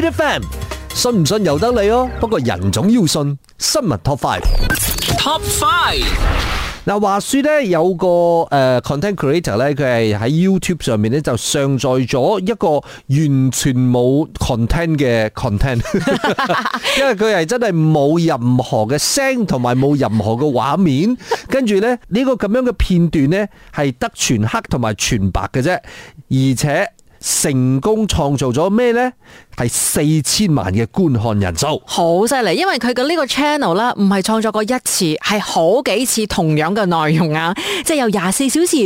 Hey、fam，信唔信由得你咯，不過人總要信。新聞 Top Five，Top Five。嗱話説咧，有個誒、呃、content creator 咧，佢係喺 YouTube 上面咧就上載咗一個完全冇 content 嘅 content， 因為佢係真係冇任何嘅聲同埋冇任何嘅畫面， 跟住咧呢、呢個咁樣嘅片段咧係得全黑同埋全白嘅啫，而且，成功創造咗咩呢？係四千萬嘅觀看人數，好犀利！因為佢嘅呢個 channel 啦，唔係創作過一次，係好幾次同樣嘅內容啊，即係有廿四小時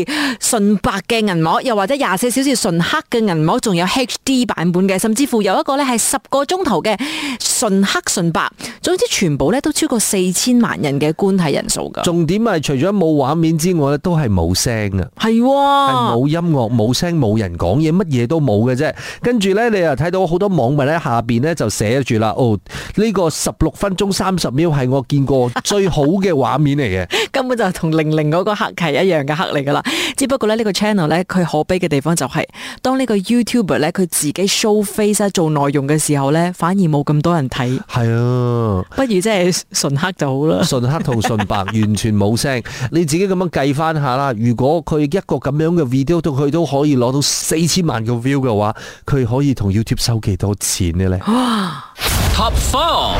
純白嘅銀幕，又或者廿四小時純黑嘅銀幕，仲有 HD 版本嘅，甚至乎有一個呢係十個鐘頭嘅純黑純白。總之全部咧都超過四千萬人嘅觀睇人數噶。重點係除咗冇畫面之外咧，都係冇聲噶。係係冇音樂、冇聲、冇人講嘢，乜嘢都冇嘅啫。跟住咧，你又睇到好多網民咧下邊咧就寫住啦。哦，呢、這個十六分鐘三十秒係我見過最好嘅畫面嚟嘅。 根本就同零零嗰個黑劇一樣嘅黑嚟噶啦。只不過咧呢個 channel 咧佢可悲嘅地方就係、是，當個呢個 YouTuber 咧佢自己 show face 做內容嘅時候咧，反而冇咁多人睇。係啊。不如即係純黑就好啦，純黑同純白完全冇聲。你自己咁樣計翻下啦，如果佢一個咁樣嘅 video，佢都可以攞到四千萬個 view 嘅話，佢可以同 YouTube 收幾多錢嘅呢？Top four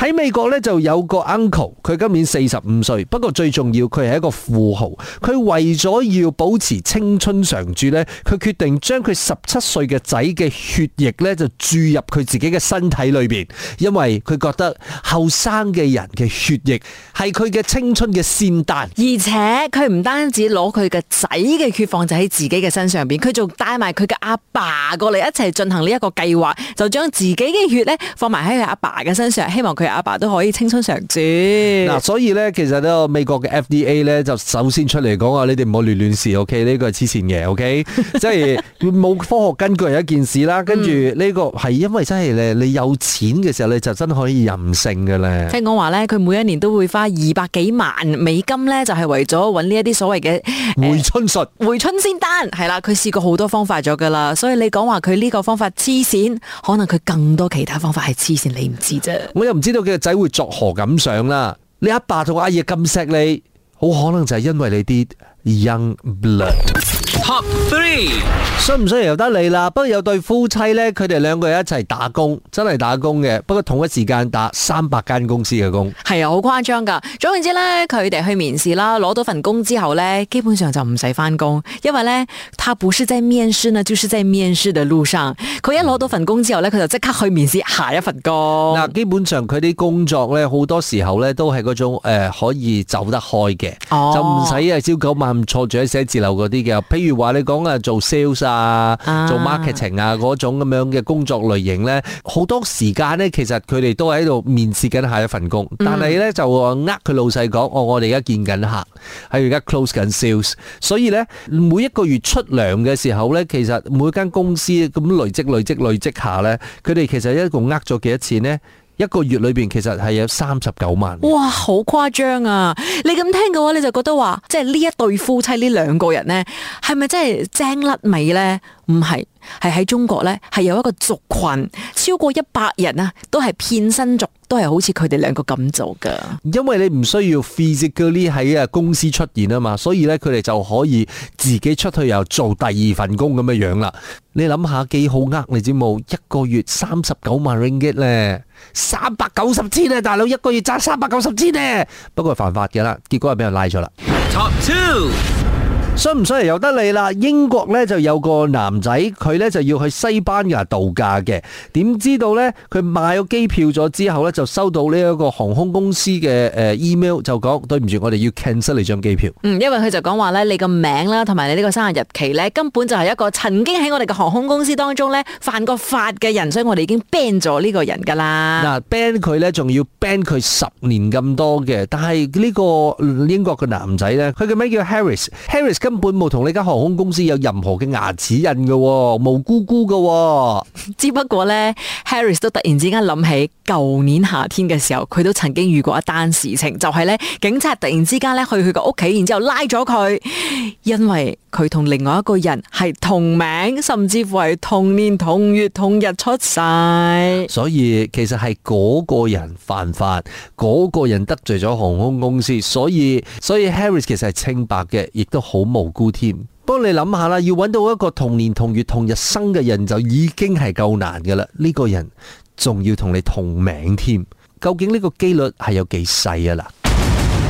喺美國呢，就有個 uncle，佢今年四十五歲，不過最重要佢係一個富豪。佢為咗要保持青春常駐呢，佢決定將佢十七歲嘅仔嘅血液呢就注入佢自己嘅身體裏邊，因為佢覺得後生嘅人嘅血液係佢嘅青春嘅仙丹。而且佢唔單止攞佢嘅仔嘅血放就喺自己嘅身上邊，佢仲帶埋佢嘅阿爸過嚟一齊進行呢一個計劃，就將自己嘅血呢放埋喺阿爸嘅身上，希望佢阿爸都可以青春常駐。嗱，所以咧，其實咧，美國嘅 FDA 咧就首先出嚟講話，你哋唔好亂亂試，OK？呢個係黐線嘅，OK？ 即係冇科學根據係一件事啦。跟住呢個係因為真係咧，你有錢嘅時候，你就真可以任性噶啦。聽講話咧，佢每一年都會花二百幾萬美金咧，就係、是、為咗搵呢一啲所謂嘅、呃、回春術、回春仙丹，係啦，佢試過好多方法咗噶啦。所以你講話佢呢個方法黐線，可能佢更多其他方法係黐。你唔知啫，我又唔知道佢個仔會作何感想啦。你阿爸同阿爺咁錫你，好可能就係因為你啲 young blood。Top three，需唔需要由得你啦？不過有對夫妻呢，佢哋兩個人一齊打工，真係打工嘅。不過同一時間打三百間公司嘅工，係啊，好誇張噶。總言之呢，佢哋去面試啦，攞到份工之後呢，基本上就唔使翻工，因為呢，他不是在面試呢，就是在面試的路上。佢一攞到份工之後呢，佢、嗯、就即刻去面試下一份工。嗱，基本上佢啲工作呢，好多時候呢，都係嗰種誒可以走得開嘅，哦、就唔使啊朝九晚五坐住喺寫字樓嗰啲嘅，譬如。話你講啊，做 sales 啊，做 marketing 啊，嗰種咁樣嘅工作類型呢，好多時間呢，其實佢哋都喺度面試緊下一份工，但係呢，就呃佢老細講、哦，我我哋而家見緊客，喺而家 close 緊 sales，所以呢，每一個月出糧嘅時候呢，其實每間公司咁累積累積累積下呢，佢哋其實一共呃咗幾多錢呢？一個月裏邊其實係有三十九萬。哇，好誇張啊！你咁聽嘅話，你就覺得話，即係呢一對夫妻呢兩個人呢，係咪真係精甩尾呢？唔係，係喺中國呢，係有一個族群，超過一百人啊，都係騙身族，都係好似佢哋兩個咁做噶。因為你唔需要 physically 喺公司出現啊嘛，所以呢，佢哋就可以自己出去又做第二份工咁嘅樣啦。你諗下幾好，呃，你知冇？一個月三十九萬 ringgit 咧，三百九十千呢，90, 000, 大佬，一個月賺三百九十千呢，不過係犯法嘅啦，結果係俾人拉咗啦。Top two 信唔信由得你啦？英國咧就有個男仔，佢咧就要去西班牙度假嘅。點知道咧？佢買咗機票咗之後咧，就收到呢一個航空公司嘅誒 email，就講對唔住，我哋要 cancel 你張機票。嗯，因為佢就講話咧，你個名啦，同埋你呢個生日日期咧，根本就係一個曾經喺我哋嘅航空公司當中咧犯過法嘅人，所以我哋已經 ban 咗呢個人噶啦。嗱、呃，ban 佢咧，仲要 ban 佢十年咁多嘅。但係呢個英國嘅男仔咧，佢嘅名叫 Harris，Harris。根本冇同呢間航空公司有任何嘅牙齒印嘅、哦，無辜辜嘅、哦。 只不過咧，Harris 都突然之間諗起舊年夏天嘅時候，佢都曾經遇過一單事情，就係、是、咧警察突然之間咧去佢個屋企，然之後拉咗佢，因為佢同另外一個人係同名，甚至乎係同年同月同日出世。所以其實係嗰個人犯法，嗰個人得罪咗航空公司，所以所以 Harris 其實係清白嘅，亦都好，無辜添，不過你諗下啦，要揾到一個同年同月同日生嘅人就已經係夠難噶啦，呢個人仲要同你同名添，究竟呢個幾率係有幾細啊？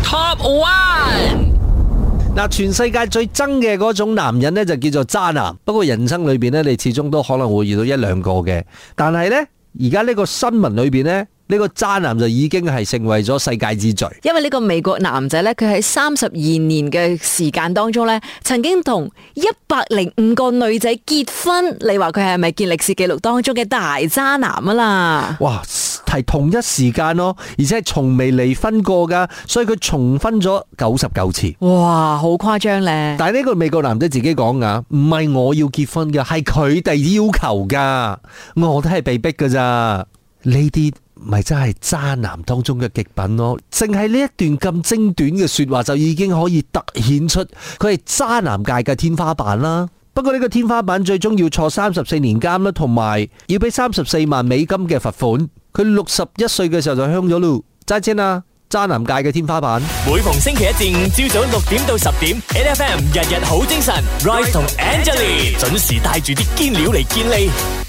嗱，Top One，嗱，全世界最憎嘅嗰種男人呢，就叫做渣男，不過人生裏邊呢，你始終都可能會遇到一兩個嘅，但係呢，而家呢個新聞裏邊呢。呢個渣男就已經係成為咗世界之最，因為呢個美國男仔呢，佢喺三十二年嘅時間當中呢，曾經同一百零五個女仔結婚。你話佢係咪健力士紀錄當中嘅大渣男啊啦？哇，係同一時間咯，而且係從未離婚過噶，所以佢重婚咗九十九次。哇，好誇張呢。但係呢個美國男仔自己講噶，唔係我要結婚噶，係佢哋要求噶，我都係被逼噶咋呢啲。咪真係渣男當中嘅極品咯，啊！淨係呢一段咁精短嘅說話就已經可以突顯出佢係渣男界嘅天花板啦。不過呢個天花板最終要坐三十四年監啦，同埋要俾三十四萬美金嘅罰款。佢六十一歲嘅時候就香咗咯。再見啦，渣男界嘅天花板。每逢星期一至五朝早六點到十點，N F M 日日好精神，Rise 同 Angelina 準時帶住啲堅料嚟見你。